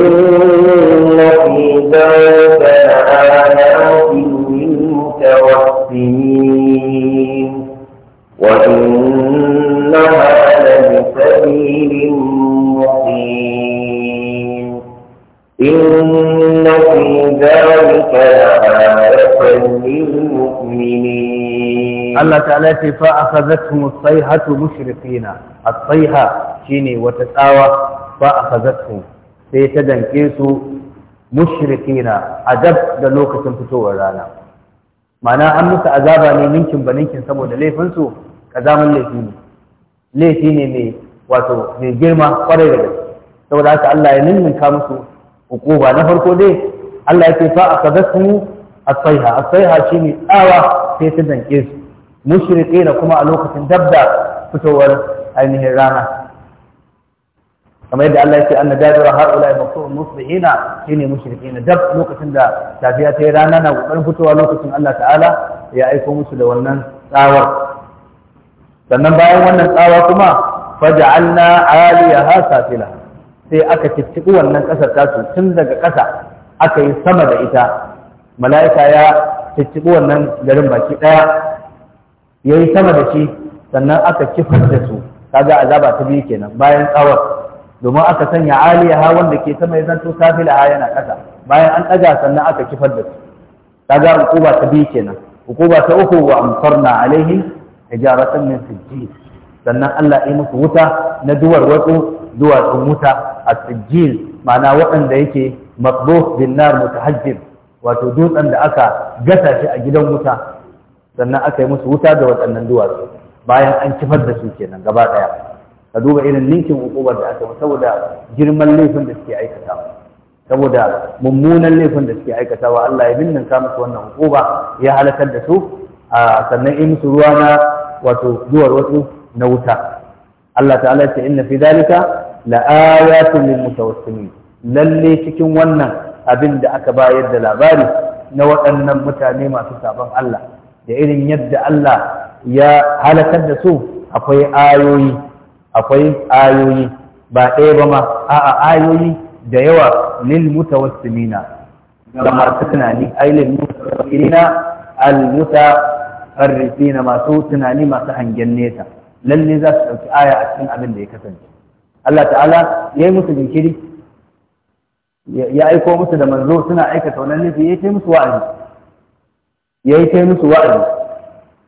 في ذلك لآية وإنها لبسبيل مقيم إن في ذلك لآية للمؤمنين الله تعالى فأخذتهم الصيحة مشرقين الصيحة شيني وتساوى فأخذتهم سيتدن كيسو mushrikina adab da lokacin fitowar rana mana an musu azaba ne ninkin ba ninkin saboda laifinsu Ka kazamin laifi ne laifi ne mai wato mai girma kwarai da gaske saboda haka Allah ya ninninka musu hukuma na farko dai Allah ya ce fa akadasu as-sayha as-sayha shine tsawa sai ta danke su mushriqina kuma a lokacin dabda fitowar ainihin rana kamar yadda Allah ya ce anna dabira haula maqsum musbihina shine mushriqina dab lokacin da tafiya ta rana na kokarin fitowa lokacin Allah ta'ala ya aiko musu da wannan tsawar sannan bayan wannan tsawa kuma faja'alna 'aliyaha safila sai aka cicciku wannan kasar tasu tun daga kasa aka yi sama da ita mala'ika ya cicciku wannan garin baki ɗaya yayi sama da shi sannan aka kifar da su kaga azaba ta biyu kenan bayan tsawa domin aka sanya aliyaha wanda ke sama ya safila ha yana ƙasa bayan an ɗaga sannan aka kifar da su kaga hukuma ta biyu kenan hukuma ta uku wa amsarna alaihi hijaratan min sijjil sannan Allah ya musu wuta na duwar watsu duwatsun wuta a sijjil ma'ana waɗanda yake maqduf bin nar mutahajjib wato dutsen da aka gasa shi a gidan wuta sannan aka yi musu wuta da waɗannan duwatsu bayan an kifar da su kenan gaba ɗaya ka duba irin ninkin hukumar da aka yi saboda girman laifin da suke aikata saboda mummunan laifin da suke aikatawa Allah ya binninka musu wannan hukuma ya halakar da su sannan yi musu ruwa na wato duwar wasu na wuta Allah ta'ala ya ce inna fi dalika la ayatun lil mutawassimin lalle cikin wannan abin da aka bayar da labari na waɗannan mutane masu sabon Allah da irin yadda Allah ya halakar da su akwai ayoyi akwai ayoyi ba ɗaya ba ma a'a ayoyi da yawa lil mutawassimina ga masu tunani ai lil mutawassimina al muta na masu tunani masu hangen nesa lalle za su ɗauki aya a cikin abin da ya kasance Allah ta'ala ya yi musu jinkiri ya aiko musu da manzo suna aikata wannan nufi ya yi musu wa'azi ya yi musu wa'azi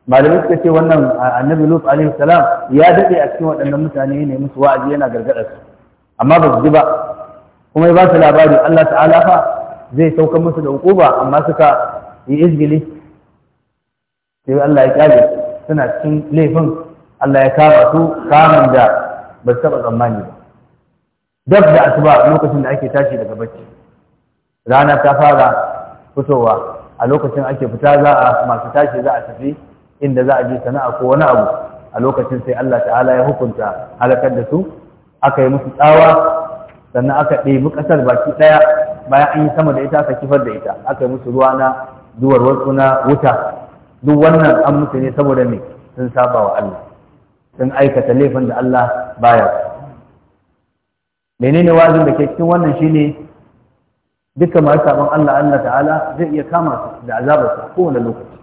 malamai suka ce wannan annabi lut alaihi salam ya daɗe a cikin waɗannan mutane ne musu wa'azi yana gargaɗa su amma ba su ji ba kuma ya ba su labari Allah ta'ala fa zai sauka musu da hukuma amma suka yi izgili sai Allah ya kyale suna cikin laifin Allah ya kama su kamun da ba su taɓa tsammani ba dab da asuba lokacin da ake tashi daga bacci rana ta fara fitowa a lokacin ake fita za a masu tashi za a tafi inda za a je sana'a ko wani abu a lokacin sai Allah ta'ala ya hukunta halakar da su aka yi musu tsawa sannan aka ɗebi ƙasar baki ɗaya bayan an yi sama da ita aka kifar da ita aka yi musu ruwa na duwar wasu na wuta duk wannan an mutu ne saboda me sun saba wa Allah sun aikata laifin da Allah baya menene wazin da ke cikin wannan shine dukkan masu sabon Allah Allah ta'ala zai iya kama su da su a kowane lokaci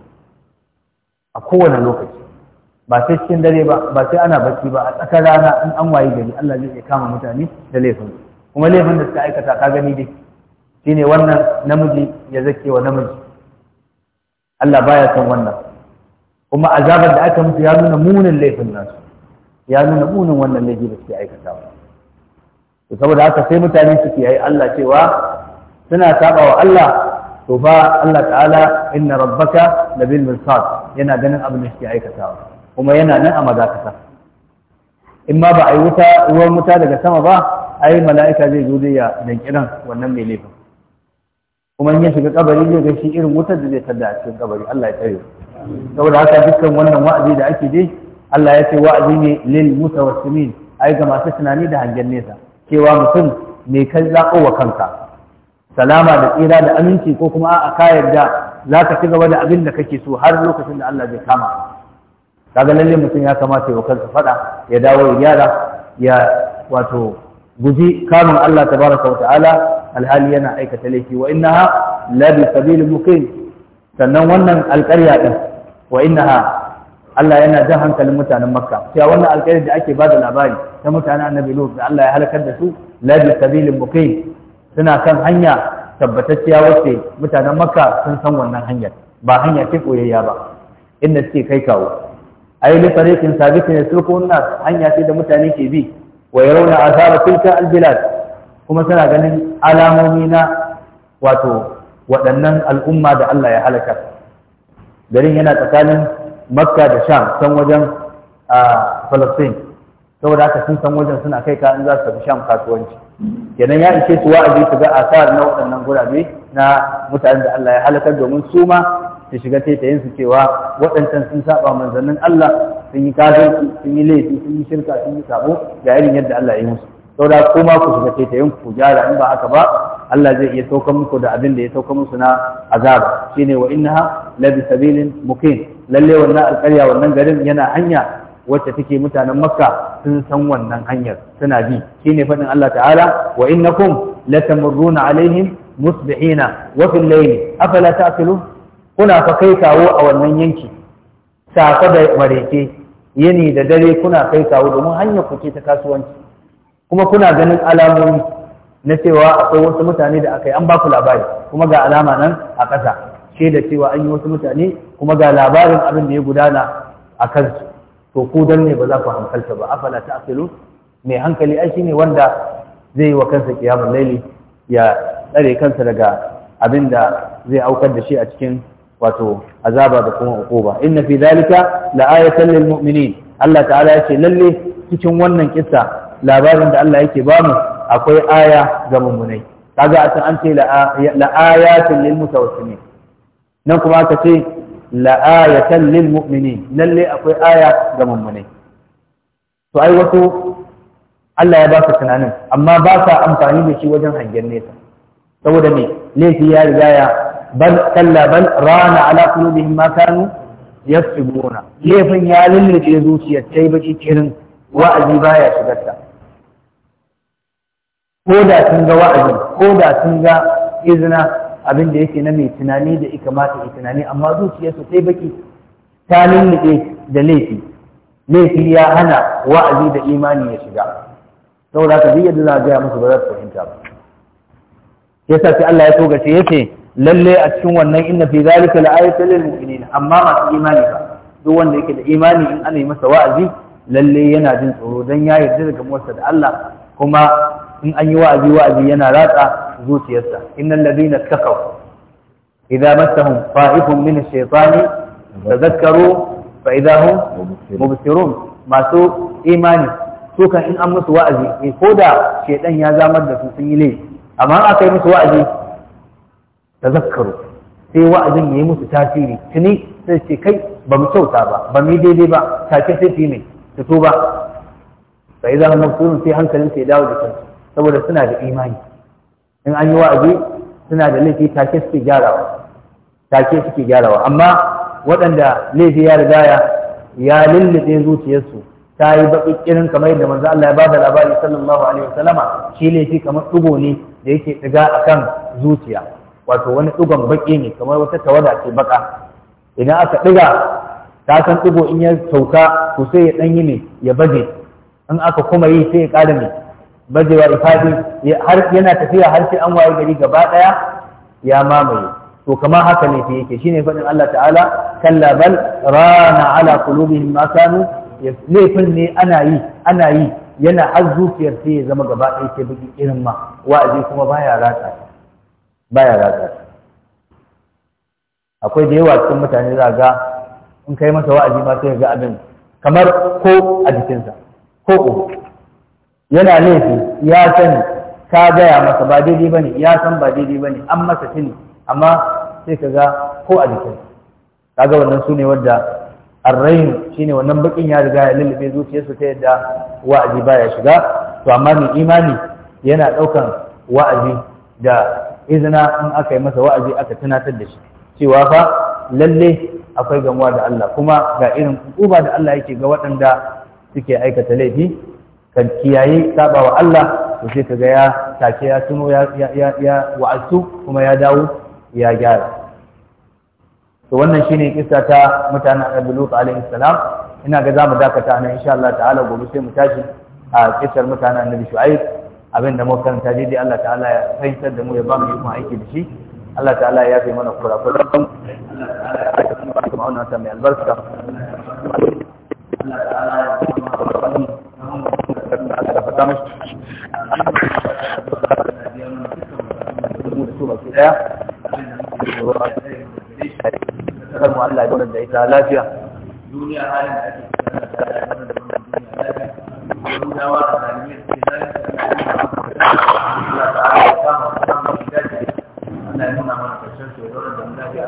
a kowane lokaci ba sai cikin dare ba ba sai ana bacci ba a tsakar rana in an waye gari Allah zai iya kama mutane da laifin kuma laifin da suka aikata ka gani dai shine wannan namiji ya zake wa namiji Allah baya son wannan kuma azabar da aka musu ya nuna munin laifin nasu ya nuna munin wannan laifi da suke aikatawa to saboda haka sai mutane suke yi Allah cewa suna saba wa Allah to fa Allah ta'ala inna rabbaka labil mirsad yana ganin abin da suke aikatawa kuma yana nan a magakata in ma ba a yi wuta ruwan wuta daga sama ba ai mala'ika zai zo da ya dankiran wannan mai laifin kuma in ya shiga kabari zai ga shi irin wutar da zai tada a cikin kabari Allah ya tsare saboda haka dukkan wannan wa'azi da ake dai Allah ya ce wa'azi ne lil mutawassimin ai ga masu tunani da hangen nesa cewa mutum mai kai zaɓo wa kanka salama da tsira da aminci ko kuma a ka yarda za ka ci gaba da abin da kake so har lokacin da Allah zai kama kaga lalle mutum ya kamata ya kansa faɗa ya dawo ya gyara ya wato guji kanun Allah tabaraka ta'ala alhali yana aikata laifi wa ina la bi sabil muqim sannan wannan alƙarya din wa ha, Allah yana jan hankalin mutanen Makka cewa wannan alƙaryar da ake bada labari ta mutanen Annabi Lut da Allah ya halakar da su la bi sabil suna kan hanya tabbatacciya wacce mutanen Makka sun san wannan hanyar ba hanya ce koyayya ba inda suke kai kawo ai li fariqin sabitin yasluqun nas hanya ce da mutane ke bi wa yarawna athara tilka albilad kuma suna ganin alamomi na wato waɗannan al'umma da Allah ya halaka garin yana tsakanin makka da sham san wajen a falastin saboda haka sun san wajen suna kai ka in za su tafi sham kasuwanci kenan ya ishe su wa'azi su ga asar na waɗannan gurabe na mutanen da Allah ya halakar domin su ma su shiga taitayin su cewa waɗancan sun saba manzannin Allah sun yi kafirci sun yi laifi sun yi shirka sun yi sabo ga irin yadda Allah ya yi musu saboda kuma ku shiga taitayin ku gyara in ba haka ba Allah zai iya sauka muku da abin da ya sauka musu na azaba shine wa innaha la bi sabilin muqim lalle wannan alƙarya wannan garin yana hanya wacce take mutanen makka sun san wannan hanyar suna bi shine faɗin Allah ta'ala wa innakum latamurruna alaihim musbihina wa fil layli afala ta'qilun kuna fa kai kawo a wannan yanki safa da mareke yini da dare kuna kai kawo domin hanyar ku ce ta kasuwanci kuma kuna ganin alamomi na cewa akwai wasu mutane da akai an ba ku labari kuma ga alama nan a ƙasa ce da cewa an yi wasu mutane kuma ga labarin abin da ya gudana a kansu to ku dan ne ba za ku hankalta ba afala ta'qilun mai hankali ai ne wanda zai yi wa kansa kiyamun laili ya tsare kansa daga abin da zai aukar da shi a cikin wato azaba da kuma ukuba inna fi zalika la'ayatan lil mu'minin Allah ta'ala ya ce lalle cikin wannan kissa labarin da Allah yake bamu akwai aya ga mummunai kaga a san an ce la'ayatan lil mutawassimin nan kuma aka ce la'ayatan lil mu'minin lalle akwai aya ga mummunai to ai wato Allah ya ba tunanin amma ba sa amfani da shi wajen hangen nesa saboda ne laifi ya riga ya bal kalla bal rana ala qulubihim ma kanu yasbuna laifin ya lullube zuciyar ta yi baki kirin wa'azi baya shigar ta ko da sun ga wa'azi ko da sun ga izina abin da yake na mai tunani da ika mata ya tunani amma zuciyar zuciyarsu sai baki ta lullube da laifi laifi ya hana wa'azi da imani ya shiga saboda ka duk yadda za a gaya musu ba za su fahimta ba yasa sai Allah ya togace yace lalle a cikin wannan inna fi zalika la'ayatan lil mu'minin amma masu imani ba duk wanda yake da imani in ana yi masa wa'azi lalle yana jin tsoro dan ya yarda daga muwarsa da Allah kuma in an yi wa'azi wa'azi yana ratsa zuciyarsa innal ladina taqaw idza massahum fa'ifun min ash-shaytani tadhakkaru fa idza hum mubsirun masu imani su kan in an musu wa'azi eh, ko da shedan ya zamar da su sun yi laifi amma aka yi musu wa'azi ta zakaru sai wa'azin ya yi musu tasiri tuni sai ce kai ba mu kyauta ba ba mu yi daidai ba take sai fi yi mai su ba. sai za mu mutu sai hankalin sai dawo da kansu saboda suna da imani in an yi wa'azi suna da laifi take suke gyarawa take suke gyarawa amma waɗanda laifi ya riga ya lullube zuciyarsu ta yi baki irin kamar yadda manzo Allah ya ba da labari sallallahu alaihi wasallama shi laifi kamar dugo ne da yake diga akan zuciya wato wani dugon baki ne kamar wata tawada ce baka idan aka diga ta san dugo in ya sauka to sai ya danyi yi ne ya baje in aka kuma yi sai ya ƙara ne bajewa ifadi har yana tafiya har sai an waye gari gaba daya ya mamaye to kamar haka ne yake shine faɗin Allah ta'ala kan bal rana ala qulubihim ma kanu laifin ne ana yi ana yi yana har zuciyar sai ya zama gaba ɗaya sai baki irin ma wa'azi kuma baya ratsa baya ratsa akwai da yawa cikin mutane za ga in kai masa wa'azi ma sai ga abin kamar ko a jikinsa ko uku yana laifi ya sani ka gaya masa ba daidai bane ya san ba daidai bane an masa tuni amma sai ka ga ko a jikinsa kaga wannan su ne wadda arrain shine wannan bakin ya riga ya lullube zuciyarsa ta yadda wa'azi baya shiga to amma mai imani yana daukan wa'azi da izina in aka yi masa wa'azi aka tunatar da shi cewa fa lalle akwai gamuwa da Allah kuma ga irin kuba da Allah yake ga waɗanda suke aikata laifi kan kiyaye saba Allah to sai kaga ya take ya tuno ya ya ya wa'azu kuma ya dawo ya gyara to wannan shine kissa ta mutanen annabi lut alaihi salam ina ga zamu dakata nan insha Allah ta'ala gobe sai mu tashi a kissar mutanen annabi shu'aib abin da muka karanta dai Allah ta'ala ya fahimtar da mu ya ba mu ikon aiki da shi Allah ta'ala ya yafe mana kurakuran Allah ta'ala ya yafe mana ta mai albarka Allah ta'ala ya yafe mana ta'ala تخاف الله يدور الدعاء لافيا دنيا الله دنيا فيك يا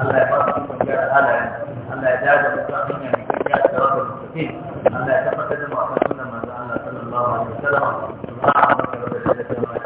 الله يبارك فيك يا الله الله يبارك فيك يا الله الله يبارك فيك يا الله الله يبارك فيك يا الله الله يبارك فيك يا الله الله يبارك فيك يا الله الله يبارك فيك يا الله الله يبارك فيك يا الله الله يبارك فيك يا الله الله يبارك فيك يا الله الله يبارك فيك يا الله